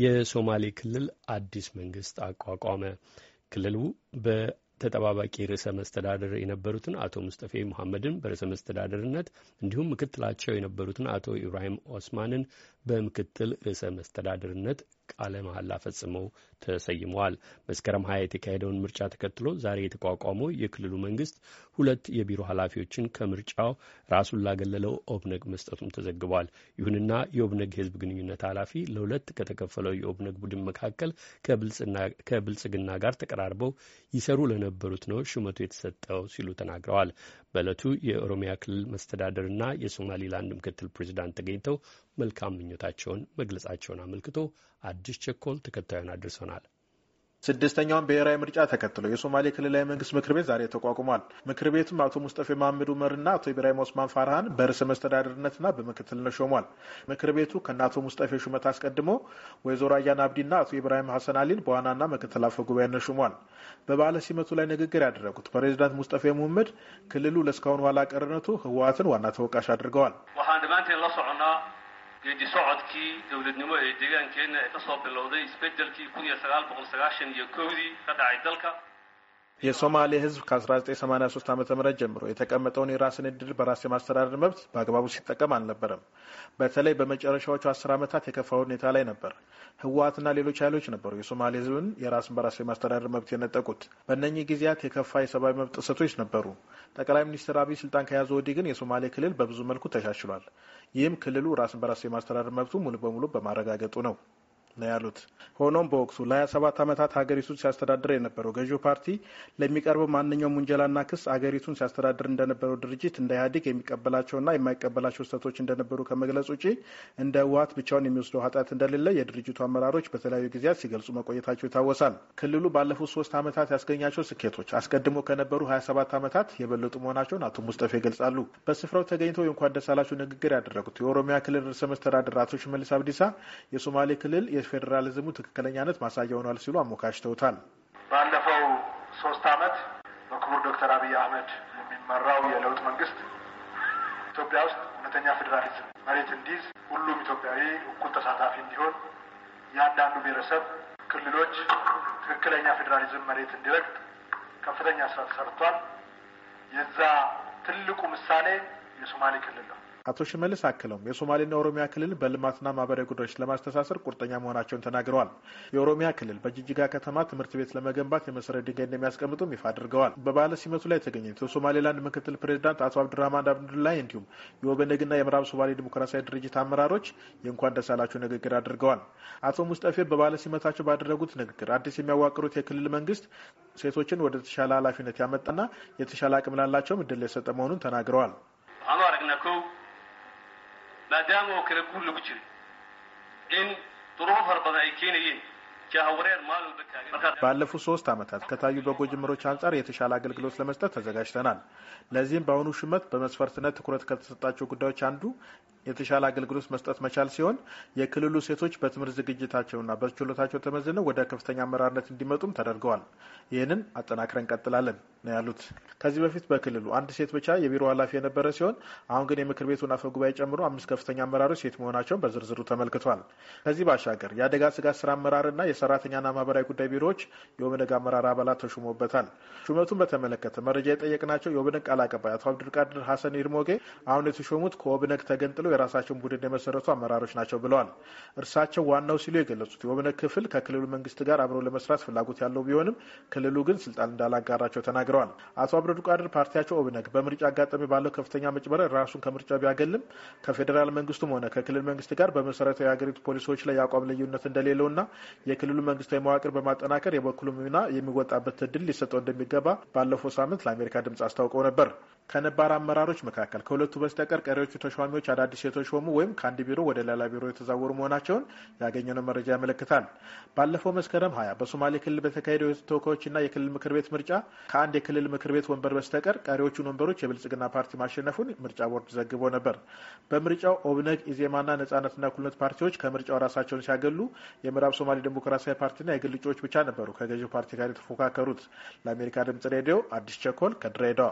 የሶማሌ ክልል አዲስ መንግስት አቋቋመ። ክልሉ በተጠባባቂ ርዕሰ መስተዳደር የነበሩትን አቶ ሙስጠፌ መሐመድን በርዕሰ መስተዳደርነት እንዲሁም ምክትላቸው የነበሩትን አቶ ኢብራሂም ኦስማንን በምክትል ርዕሰ መስተዳደርነት ቃለ መሐላ ፈጽመው ተሰይመዋል። መስከረም ሀያ የተካሄደውን ምርጫ ተከትሎ ዛሬ የተቋቋመው የክልሉ መንግስት ሁለት የቢሮ ኃላፊዎችን ከምርጫው ራሱን ላገለለው ኦብነግ መስጠቱም ተዘግቧል። ይሁንና የኦብነግ ህዝብ ግንኙነት ኃላፊ ለሁለት ከተከፈለው የኦብነግ ቡድን መካከል ከብልጽግና ጋር ተቀራርበው ይሰሩ ለነበሩት ነው ሹመቱ የተሰጠው ሲሉ ተናግረዋል። በእለቱ የኦሮሚያ ክልል መስተዳደርና የሶማሌላንድ ምክትል ፕሬዚዳንት ተገኝተው መልካም ምኞታቸውን መግለጻቸውን አመልክቶ አዲስ አዲስ ቸኮል ተከታዩን አድርሶናል። ስድስተኛውን ብሔራዊ ምርጫ ተከትሎ የሶማሌ ክልላዊ መንግስት ምክር ቤት ዛሬ ተቋቁሟል። ምክር ቤቱም አቶ ሙስጠፌ መሐመድ ኡመርና አቶ ኢብራሂም ኦስማን ፋርሃን በርዕሰ መስተዳደርነትና በምክትልነት ሾሟል። ምክር ቤቱ ከነ አቶ ሙስጠፌ ሹመት አስቀድሞ ወይዘሮ አያን አብዲና አቶ ኢብራሂም ሐሰን አሊን በዋናና ምክትል አፈ ጉባኤነት ሾሟል። በባለ ሲመቱ ላይ ንግግር ያደረጉት ፕሬዚዳንት ሙስጠፌ ሙህመድ ክልሉ ለእስካሁን ኋላ ቀርነቱ ህወሀትን ዋና ተወቃሽ አድርገዋል። geedi socodkii dowladnimo ee deegaankeenna ee kasoo bilowday isbeddelkii kun iyo sagaal boqol sagaashan iyo kowdii ka dhacay dalka የሶማሌ ህዝብ ከ1983 ዓ ም ጀምሮ የተቀመጠውን የራስን እድል በራስ የማስተዳደር መብት በአግባቡ ሲጠቀም አልነበረም። በተለይ በመጨረሻዎቹ አስር ዓመታት የከፋ ሁኔታ ላይ ነበር። ህወሀትና ሌሎች ኃይሎች ነበሩ የሶማሌ ህዝብን የራስን በራስ የማስተዳደር መብት የነጠቁት። በእነኚህ ጊዜያት የከፋ የሰብአዊ መብት ጥሰቶች ነበሩ። ጠቅላይ ሚኒስትር አብይ ስልጣን ከያዙ ወዲህ ግን የሶማሌ ክልል በብዙ መልኩ ተሻሽሏል። ይህም ክልሉ ራስን በራስ የማስተዳደር መብቱ ሙሉ በሙሉ በማረጋገጡ ነው። ነው ያሉት። ሆኖም በወቅቱ ለ27 ዓመታት ሀገሪቱን ሲያስተዳድር የነበረው ገዢው ፓርቲ ለሚቀርበው ማንኛውም ውንጀላና ክስ አገሪቱን ሲያስተዳድር እንደነበረው ድርጅት እንደ ኢህአዴግ የሚቀበላቸውና የማይቀበላቸው ስህተቶች እንደነበሩ ከመግለጽ ውጪ እንደ ህወሀት ብቻውን የሚወስደው ኃጢአት እንደሌለ የድርጅቱ አመራሮች በተለያዩ ጊዜያት ሲገልጹ መቆየታቸው ይታወሳል። ክልሉ ባለፉት ሶስት ዓመታት ያስገኛቸው ስኬቶች አስቀድሞ ከነበሩ 27 ዓመታት የበለጡ መሆናቸውን አቶ ሙስጠፌ ይገልጻሉ። በስፍራው ተገኝተው የእንኳን ደሳላቸው ንግግር ያደረጉት የኦሮሚያ ክልል ርዕሰ መስተዳድር አቶ ሽመልስ አብዲሳ የሶማሌ ክልል ፌዴራሊዝሙ ትክክለኛነት ማሳያ ሆኗል ሲሉ አሞካሽተውታል። ባለፈው ሶስት ዓመት በክቡር ዶክተር አብይ አህመድ የሚመራው የለውጥ መንግስት ኢትዮጵያ ውስጥ እውነተኛ ፌዴራሊዝም መሬት እንዲይዝ ሁሉም ኢትዮጵያዊ እኩል ተሳታፊ እንዲሆን የአንዳንዱ ብሔረሰብ ክልሎች ትክክለኛ ፌዴራሊዝም መሬት እንዲረግጥ ከፍተኛ ስራ ተሰርቷል። የዛ ትልቁ ምሳሌ የሶማሌ ክልል ነው። አቶ ሽመልስ አክለውም የሶማሌና ኦሮሚያ ክልል በልማትና ማህበራዊ ጉዳዮች ለማስተሳሰር ቁርጠኛ መሆናቸውን ተናግረዋል። የኦሮሚያ ክልል በጅጅጋ ከተማ ትምህርት ቤት ለመገንባት የመሰረት ድንጋይ እንደሚያስቀምጡም ይፋ አድርገዋል። በባለ ሲመቱ ላይ የተገኙት የሶማሌላንድ ምክትል ፕሬዚዳንት አቶ አብዱራህማን አብዱላይ እንዲሁም የኦበነግና የምዕራብ ሶማሌ ዲሞክራሲያዊ ድርጅት አመራሮች የእንኳን ደስ ንግግር አድርገዋል። አቶ ሙስጠፌ በባለ ሲመታቸው ባደረጉት ንግግር አዲስ የሚያዋቅሩት የክልል መንግስት ሴቶችን ወደ ተሻለ ኃላፊነት ያመጣና የተሻለ አቅም ላላቸውም እድል የሰጠ መሆኑን ተናግረዋል። maadaama oo kale guur lagu jiray in duruufo fara badan ay keenayeen ባለፉት ሶስት ዓመታት ከታዩ በጎ ጅምሮች አንጻር የተሻለ አገልግሎት ለመስጠት ተዘጋጅተናል። ለዚህም በአሁኑ ሹመት በመስፈርትነት ትኩረት ከተሰጣቸው ጉዳዮች አንዱ የተሻለ አገልግሎት መስጠት መቻል ሲሆን የክልሉ ሴቶች በትምህርት ዝግጅታቸውና በችሎታቸው ተመዝነው ወደ ከፍተኛ አመራርነት እንዲመጡም ተደርገዋል። ይህንን አጠናክረን እንቀጥላለን ነው ያሉት። ከዚህ በፊት በክልሉ አንድ ሴት ብቻ የቢሮ ኃላፊ የነበረ ሲሆን አሁን ግን የምክር ቤቱን አፈ ጉባኤ ጨምሮ አምስት ከፍተኛ አመራሮች ሴት መሆናቸውን በዝርዝሩ ተመልክቷል። ከዚህ ባሻገር የአደጋ ስጋት ስራ አመራርና የሰራተኛና ማህበራዊ ጉዳይ ቢሮዎች የኦብነግ አመራር አባላት ተሹሞበታል። ሹመቱን በተመለከተ መረጃ የጠየቅናቸው የኦብነግ ቃል አቀባይ አቶ አብዱልቃድር ሀሰን ኢድሞጌ አሁን የተሾሙት ከኦብነግ ተገንጥለው የራሳቸውን ቡድን የመሰረቱ አመራሮች ናቸው ብለዋል። እርሳቸው ዋናው ሲሉ የገለጹት የወብነ ክፍል ከክልሉ መንግስት ጋር አብረው ለመስራት ፍላጎት ያለው ቢሆንም ክልሉ ግን ስልጣን እንዳላጋራቸው ተናግረዋል። አቶ አብረዱ ቃድር ፓርቲያቸው ኦብነግ በምርጫ አጋጣሚ ባለው ከፍተኛ መጭበረር ራሱን ከምርጫ ቢያገልም ከፌዴራል መንግስቱም ሆነ ከክልል መንግስት ጋር በመሰረታዊ የሀገሪቱ ፖሊሲዎች ላይ የአቋም ልዩነት እንደሌለውና የክልሉ መንግስታዊ መዋቅር በማጠናከር የበኩሉ ሚና የሚወጣበት እድል ሊሰጠው እንደሚገባ ባለፈው ሳምንት ለአሜሪካ ድምጽ አስታውቀው ነበር። ከነባር አመራሮች መካከል ከሁለቱ በስተቀር ቀሪዎቹ ተሿሚዎች አዳዲስ የተሾሙ ወይም ከአንድ ቢሮ ወደ ሌላ ቢሮ የተዛወሩ መሆናቸውን ያገኘነው መረጃ ያመለክታል። ባለፈው መስከረም ሀያ በሶማሌ ክልል በተካሄደው ተወካዮችና የክልል ምክር ቤት ምርጫ ከአንድ የክልል ምክር ቤት ወንበር በስተቀር ቀሪዎቹን ወንበሮች የብልጽግና ፓርቲ ማሸነፉን ምርጫ ቦርድ ዘግቦ ነበር። በምርጫው ኦብነግ፣ ኢዜማና ነጻነትና እኩልነት ፓርቲዎች ከምርጫው ራሳቸውን ሲያገሉ የምዕራብ ሶማሌ ዴሞክራሲያዊ ፓርቲና የግል እጩዎች ብቻ ነበሩ ከገዢው ፓርቲ ጋር የተፎካከሩት። ለአሜሪካ ድምጽ ሬዲዮ አዲስ ቸኮል ከድሬዳዋ